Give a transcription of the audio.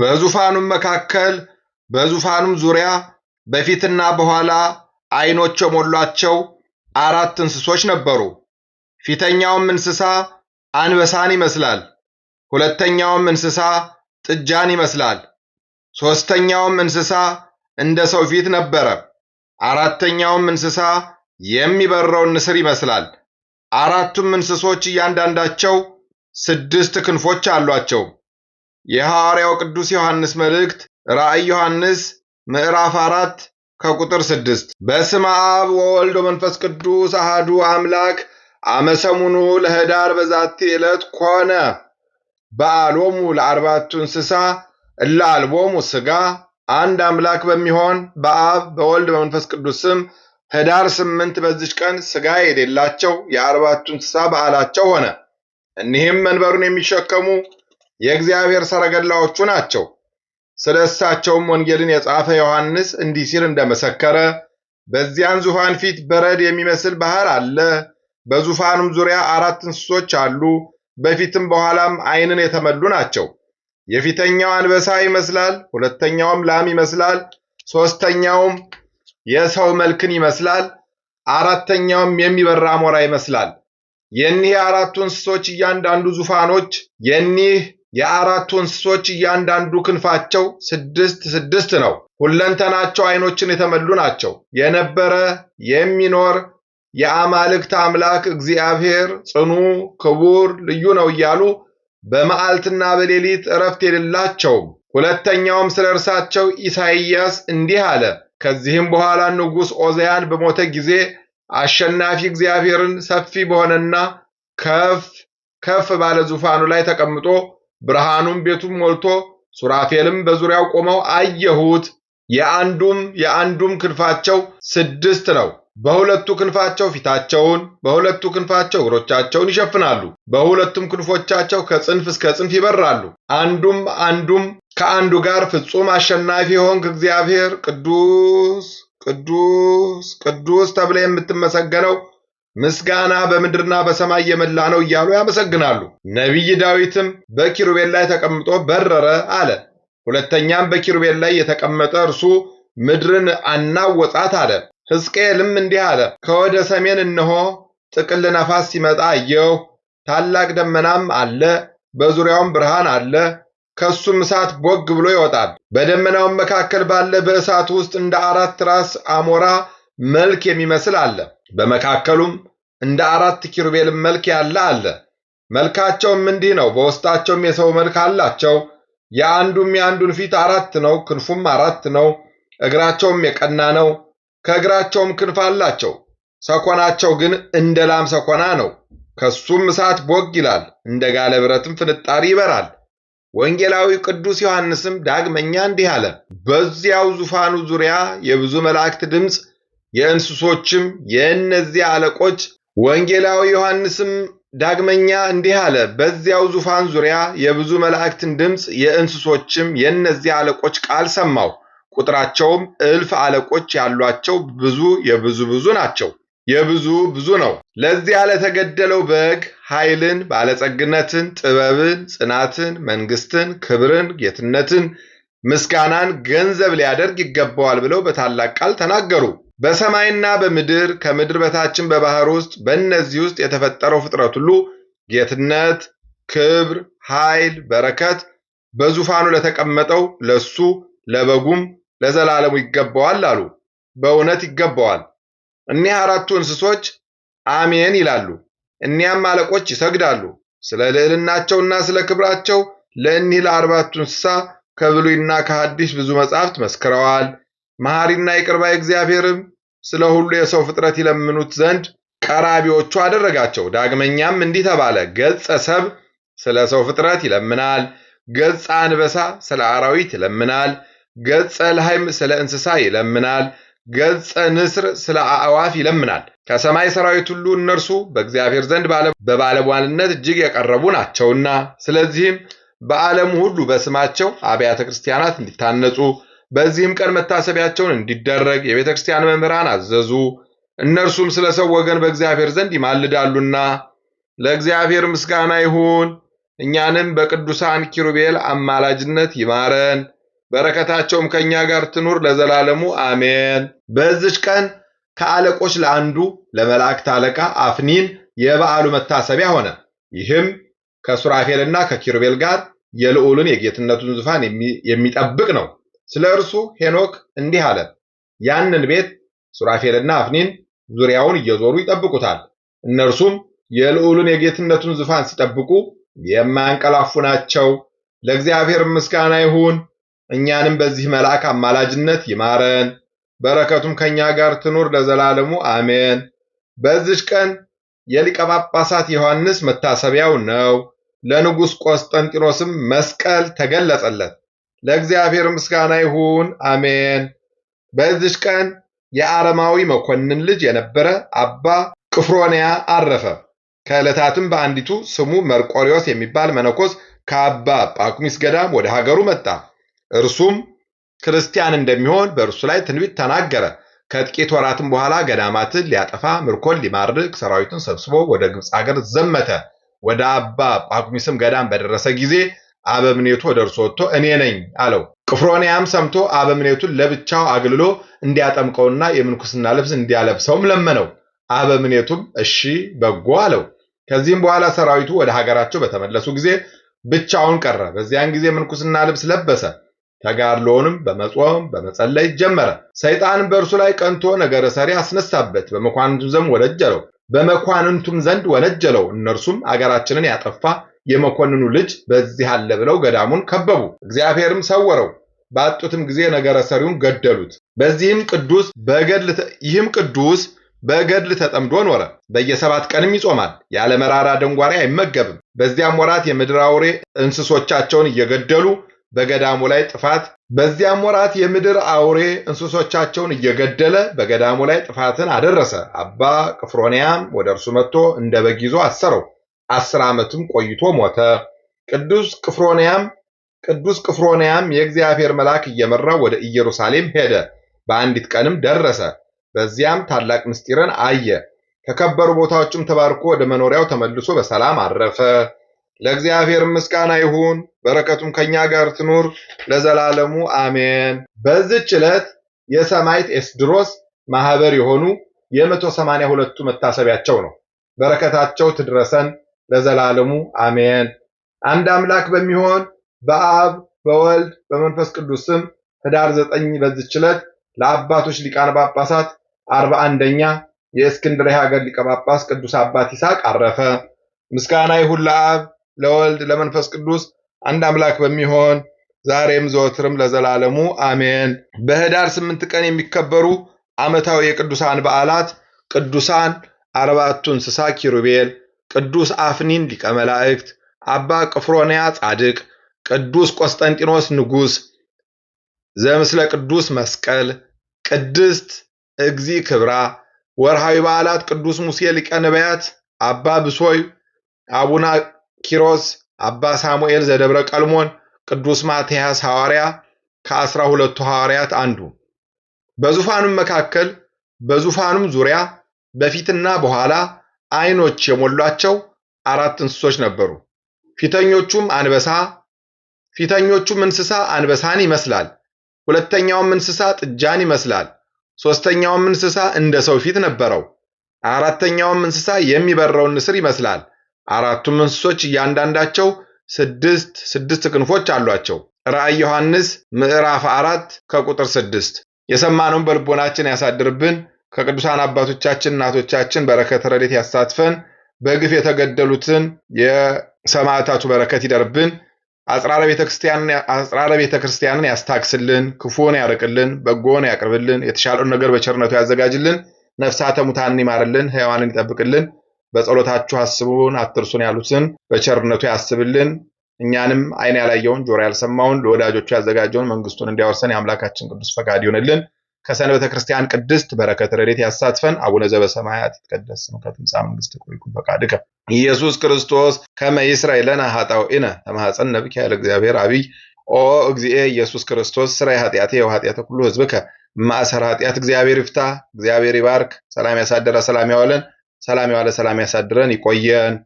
በዙፋኑም መካከል በዙፋኑም ዙሪያ በፊትና በኋላ አይኖች የሞሏቸው አራት እንስሶች ነበሩ። ፊተኛውም እንስሳ አንበሳን ይመስላል። ሁለተኛውም እንስሳ ጥጃን ይመስላል። ሦስተኛውም እንስሳ እንደ ሰው ፊት ነበረ። አራተኛውም እንስሳ የሚበረውን ንስር ይመስላል። አራቱም እንስሶች እያንዳንዳቸው ስድስት ክንፎች አሏቸው። የሐዋርያው ቅዱስ ዮሐንስ መልእክት ራእይ ዮሐንስ ምዕራፍ አራት ከቁጥር ስድስት በስመ አብ ወወልድ ወመንፈስ ቅዱስ አሐዱ አምላክ አመሰሙኑ ለኅዳር በዛቲ ዕለት ኮነ በዓሎሙ ለአርባቱ እንስሳ እለ አልቦሙ ሥጋ። አንድ አምላክ በሚሆን በአብ በወልድ በመንፈስ ቅዱስ ስም ኅዳር ስምንት በዚች ቀን ሥጋ የሌላቸው የአርባቱ እንስሳ በዓላቸው ሆነ። እኒህም መንበሩን የሚሸከሙ የእግዚአብሔር ሰረገላዎቹ ናቸው። ስለ እሳቸውም ወንጌልን የጻፈ ዮሐንስ እንዲህ ሲል እንደመሰከረ በዚያን ዙፋን ፊት በረድ የሚመስል ባሕር አለ። በዙፋኑም ዙሪያ አራት እንስሶች አሉ። በፊትም በኋላም አይንን የተመሉ ናቸው። የፊተኛው አንበሳ ይመስላል፣ ሁለተኛውም ላም ይመስላል፣ ሦስተኛውም የሰው መልክን ይመስላል፣ አራተኛውም የሚበራ አሞራ ይመስላል። የኒህ አራቱ እንስሶች እያንዳንዱ ዙፋኖች የኒህ የአራቱ እንስሶች እያንዳንዱ ክንፋቸው ስድስት ስድስት ነው። ሁለንተናቸው ዓይኖችን የተመሉ ናቸው። የነበረ የሚኖር የአማልክት አምላክ እግዚአብሔር ጽኑ ክቡር ልዩ ነው እያሉ በመዓልትና በሌሊት እረፍት የሌላቸውም። ሁለተኛውም ስለ እርሳቸው ኢሳይያስ እንዲህ አለ። ከዚህም በኋላ ንጉሥ ዖዝያን በሞተ ጊዜ አሸናፊ እግዚአብሔርን ሰፊ በሆነና ከፍ ከፍ ባለ ዙፋኑ ላይ ተቀምጦ ብርሃኑም ቤቱን ሞልቶ ሱራፌልም በዙሪያው ቆመው አየሁት። የአንዱም የአንዱም ክንፋቸው ስድስት ነው። በሁለቱ ክንፋቸው ፊታቸውን፣ በሁለቱ ክንፋቸው እግሮቻቸውን ይሸፍናሉ። በሁለቱም ክንፎቻቸው ከጽንፍ እስከ ጽንፍ ይበራሉ። አንዱም አንዱም ከአንዱ ጋር ፍጹም አሸናፊ የሆንክ እግዚአብሔር ቅዱስ ቅዱስ ቅዱስ ተብለ የምትመሰገነው ምስጋና በምድርና በሰማይ የመላ ነው እያሉ ያመሰግናሉ። ነቢይ ዳዊትም በኪሩቤል ላይ ተቀምጦ በረረ አለ። ሁለተኛም በኪሩቤል ላይ የተቀመጠ እርሱ ምድርን አናወጣት አለ። ሕዝቅኤልም እንዲህ አለ፣ ከወደ ሰሜን እነሆ ጥቅል ነፋስ ሲመጣ አየሁ። ታላቅ ደመናም አለ፣ በዙሪያውም ብርሃን አለ። ከሱም እሳት ቦግ ብሎ ይወጣል። በደመናውም መካከል ባለ በእሳቱ ውስጥ እንደ አራት ራስ አሞራ መልክ የሚመስል አለ። በመካከሉም እንደ አራት ኪሩቤል መልክ ያለ አለ። መልካቸውም እንዲህ ነው፣ በውስጣቸውም የሰው መልክ አላቸው። የአንዱም የአንዱን ፊት አራት ነው፣ ክንፉም አራት ነው፣ እግራቸውም የቀና ነው። ከእግራቸውም ክንፍ አላቸው። ሰኮናቸው ግን እንደ ላም ሰኮና ነው። ከሱም እሳት ቦግ ይላል፣ እንደ ጋለ ብረትም ፍንጣሪ ይበራል። ወንጌላዊ ቅዱስ ዮሐንስም ዳግመኛ እንዲህ አለ፣ በዚያው ዙፋኑ ዙሪያ የብዙ መላእክት ድምፅ የእንስሶችም የእነዚያ አለቆች ወንጌላዊ ዮሐንስም ዳግመኛ እንዲህ አለ። በዚያው ዙፋን ዙሪያ የብዙ መላእክትን ድምፅ የእንስሶችም የእነዚያ አለቆች ቃል ሰማሁ። ቁጥራቸውም እልፍ አለቆች ያሏቸው ብዙ የብዙ ብዙ ናቸው። የብዙ ብዙ ነው። ለዚያ ለተገደለው በግ ኃይልን፣ ባለጸግነትን፣ ጥበብን፣ ጽናትን፣ መንግስትን፣ ክብርን፣ ጌትነትን፣ ምስጋናን ገንዘብ ሊያደርግ ይገባዋል ብለው በታላቅ ቃል ተናገሩ። በሰማይና በምድር ከምድር በታችን በባህር ውስጥ በእነዚህ ውስጥ የተፈጠረው ፍጥረት ሁሉ ጌትነት፣ ክብር፣ ኃይል፣ በረከት በዙፋኑ ለተቀመጠው ለሱ ለበጉም ለዘላለሙ ይገባዋል አሉ። በእውነት ይገባዋል። እኒህ አራቱ እንስሶች አሜን ይላሉ። እኒያም አለቆች ይሰግዳሉ። ስለ ልዕልናቸውና ስለ ክብራቸው ለእኒህ ለአርባቱ እንስሳ ከብሉይና ከሐዲስ ብዙ መጻሕፍት መስክረዋል። መሐሪና ይቅርባ እግዚአብሔርም ስለ ሁሉ የሰው ፍጥረት ይለምኑት ዘንድ ቀራቢዎቹ አደረጋቸው። ዳግመኛም እንዲህ ተባለ፣ ገጸ ሰብ ስለ ሰው ፍጥረት ይለምናል፣ ገጸ አንበሳ ስለ አራዊት ይለምናል፣ ገጸ ልሃይም ስለ እንስሳ ይለምናል፣ ገጸ ንስር ስለ አእዋፍ ይለምናል። ከሰማይ ሰራዊት ሁሉ እነርሱ በእግዚአብሔር ዘንድ በባለሟልነት እጅግ የቀረቡ ናቸውና፣ ስለዚህም በዓለም ሁሉ በስማቸው አብያተ ክርስቲያናት እንዲታነጹ በዚህም ቀን መታሰቢያቸውን እንዲደረግ የቤተ ክርስቲያን መምህራን አዘዙ። እነርሱም ስለ ሰው ወገን በእግዚአብሔር ዘንድ ይማልዳሉና ለእግዚአብሔር ምስጋና ይሁን። እኛንም በቅዱሳን ኪሩቤል አማላጅነት ይማረን፣ በረከታቸውም ከእኛ ጋር ትኑር ለዘላለሙ አሜን። በዚች ቀን ከአለቆች ለአንዱ ለመላእክት አለቃ አፍኒን የበዓሉ መታሰቢያ ሆነ። ይህም ከሱራፌልና ከኪሩቤል ጋር የልዑልን የጌትነቱን ዙፋን የሚጠብቅ ነው። ስለ እርሱ ሄኖክ እንዲህ አለ። ያንን ቤት ሱራፌልና አፍኒን ዙሪያውን እየዞሩ ይጠብቁታል። እነርሱም የልዑሉን የጌትነቱን ዙፋን ሲጠብቁ የማያንቀላፉ ናቸው። ለእግዚአብሔር ምስጋና ይሁን። እኛንም በዚህ መልአክ አማላጅነት ይማረን፣ በረከቱም ከእኛ ጋር ትኑር ለዘላለሙ አሜን። በዚች ቀን የሊቀ ጳጳሳት ዮሐንስ መታሰቢያው ነው። ለንጉሥ ቆስጠንጢኖስም መስቀል ተገለጸለት። ለእግዚአብሔር ምስጋና ይሁን፣ አሜን። በዚች ቀን የአረማዊ መኮንን ልጅ የነበረ አባ ቅፍሮንያ አረፈ። ከዕለታትም በአንዲቱ ስሙ መርቆሪዎስ የሚባል መነኮስ ከአባ ጳኩሚስ ገዳም ወደ ሀገሩ መጣ። እርሱም ክርስቲያን እንደሚሆን በእርሱ ላይ ትንቢት ተናገረ። ከጥቂት ወራትም በኋላ ገዳማትን ሊያጠፋ ምርኮን ሊማርክ ሰራዊቱን ሰብስቦ ወደ ግብፅ ሀገር ዘመተ። ወደ አባ ጳኩሚስም ገዳም በደረሰ ጊዜ አበምኔቱ ወደ እርሱ ወጥቶ እኔ ነኝ አለው። ቅፍሮንያም ሰምቶ አበምኔቱን ለብቻው አግልሎ እንዲያጠምቀውና የምንኩስና ልብስ እንዲያለብሰውም ለመነው። አበምኔቱም እሺ በጎ አለው። ከዚህም በኋላ ሰራዊቱ ወደ ሀገራቸው በተመለሱ ጊዜ ብቻውን ቀረ። በዚያን ጊዜ ምንኩስና ልብስ ለበሰ። ተጋድሎውንም በመጾም በመጸለይ ጀመረ። ሰይጣን በእርሱ ላይ ቀንቶ ነገረ ሰሪ አስነሳበት። በመኳንንቱም ዘንድ ወነጀለው በመኳንንቱም ዘንድ ወነጀለው። እነርሱም አገራችንን ያጠፋ የመኮንኑ ልጅ በዚህ አለ ብለው ገዳሙን ከበቡ። እግዚአብሔርም ሰወረው። ባጡትም ጊዜ ነገረ ሰሪውን ገደሉት። በዚህም ቅዱስ በገድል ይህም ቅዱስ በገድል ተጠምዶ ኖረ። በየሰባት ቀንም ይጾማል። ያለ መራራ ደንጓሪ አይመገብም። በዚያም ወራት የምድር አውሬ እንስሶቻቸውን እየገደሉ በገዳሙ ላይ ጥፋት በዚያም ወራት የምድር አውሬ እንስሶቻቸውን እየገደለ በገዳሙ ላይ ጥፋትን አደረሰ። አባ ቅፍሮንያም ወደ እርሱ መጥቶ እንደ በግ ይዞ አሰረው። አስር ዓመትም ቆይቶ ሞተ። ቅዱስ ቅፍሮንያም ቅዱስ ቅፍሮንያም የእግዚአብሔር መልአክ እየመራው ወደ ኢየሩሳሌም ሄደ። በአንዲት ቀንም ደረሰ። በዚያም ታላቅ ምስጢርን አየ። ከከበሩ ቦታዎችም ተባርኮ ወደ መኖሪያው ተመልሶ በሰላም አረፈ። ለእግዚአብሔር ምስጋና ይሁን፣ በረከቱም ከኛ ጋር ትኑር ለዘላለሙ አሜን። በዚች ዕለት የሰማዕት ኤስድሮስ ማህበር የሆኑ የመቶ ሰማንያ ሁለቱ መታሰቢያቸው ነው። በረከታቸው ትድረሰን ለዘላለሙ አሜን። አንድ አምላክ በሚሆን በአብ በወልድ በመንፈስ ቅዱስ ስም ህዳር ዘጠኝ በዚች ዕለት ለአባቶች ሊቃነ ጳጳሳት አርባ አንደኛ የእስክንድርያ ሀገር ሊቀ ጳጳስ ቅዱስ አባት ይስሐቅ አረፈ። ምስጋና ይሁን ለአብ ለወልድ ለመንፈስ ቅዱስ አንድ አምላክ በሚሆን ዛሬም ዘወትርም ለዘላለሙ አሜን። በህዳር ስምንት ቀን የሚከበሩ ዓመታዊ የቅዱሳን በዓላት ቅዱሳን አርባዕቱ እንስሳ ኪሩቤል ቅዱስ አፍኒን ሊቀ መላእክት፣ አባ ቅፍሮንያ ጻድቅ፣ ቅዱስ ቆስጠንጢኖስ ንጉሥ ዘምስለ ቅዱስ መስቀል፣ ቅድስት እግዚ ክብራ። ወርሃዊ በዓላት ቅዱስ ሙሴ ሊቀ ነቢያት፣ አባ ብሶይ፣ አቡነ ኪሮስ፣ አባ ሳሙኤል ዘደብረ ቀልሞን፣ ቅዱስ ማትያስ ሐዋርያ ከአስራ ሁለቱ ሐዋርያት አንዱ። በዙፋኑም መካከል በዙፋኑም ዙሪያ በፊትና በኋላ ዓይኖች የሞሏቸው አራት እንስሶች ነበሩ። ፊተኞቹም አንበሳ ፊተኞቹም እንስሳ አንበሳን ይመስላል። ሁለተኛውም እንስሳ ጥጃን ይመስላል። ሦስተኛውም እንስሳ እንደ ሰው ፊት ነበረው። አራተኛውም እንስሳ የሚበረውን ንስር ይመስላል። አራቱም እንስሶች እያንዳንዳቸው ስድስት ስድስት ክንፎች አሏቸው። ራእይ ዮሐንስ ምዕራፍ አራት ከቁጥር ስድስት የሰማነውን በልቦናችን ያሳድርብን። ከቅዱሳን አባቶቻችን እናቶቻችን በረከት ረድኤት ያሳትፈን። በግፍ የተገደሉትን የሰማዕታቱ በረከት ይደርብን። አጽራረ ቤተ ክርስቲያንን ያስታክስልን፣ ክፉን ያርቅልን፣ በጎን ያቅርብልን፣ የተሻለውን ነገር በቸርነቱ ያዘጋጅልን፣ ነፍሳተ ሙታንን ይማርልን፣ ሕያዋንን ይጠብቅልን። በጸሎታችሁ አስቡን አትርሱን ያሉትን በቸርነቱ ያስብልን። እኛንም ዓይን ያላየውን ጆሮ ያልሰማውን ለወዳጆቹ ያዘጋጀውን መንግስቱን እንዲያወርሰን የአምላካችን ቅዱስ ፈቃድ ይሆንልን። ከሰንበተ ክርስቲያን ቅድስት በረከት ረድኤት ያሳትፈን። አቡነ ዘበሰማያት ይትቀደስ ስምከ ትምጻእ መንግሥትከ ወይኩን ፈቃድከ ኢየሱስ ክርስቶስ ከመ ይስረይ ለነ ኃጣውኢነ ተማኅፀነ ብከ ያለ እግዚአብሔር አብይ ኦ እግዚኤ ኢየሱስ ክርስቶስ ስራይ ኃጢአቴ ወኃጢአተ ኩሉ ሕዝብከ ማእሰር ኃጢአት እግዚአብሔር ይፍታ። እግዚአብሔር ይባርክ። ሰላም ያሳደረ ሰላም ያዋለን፣ ሰላም ያዋለ ሰላም ያሳድረን። ይቆየን።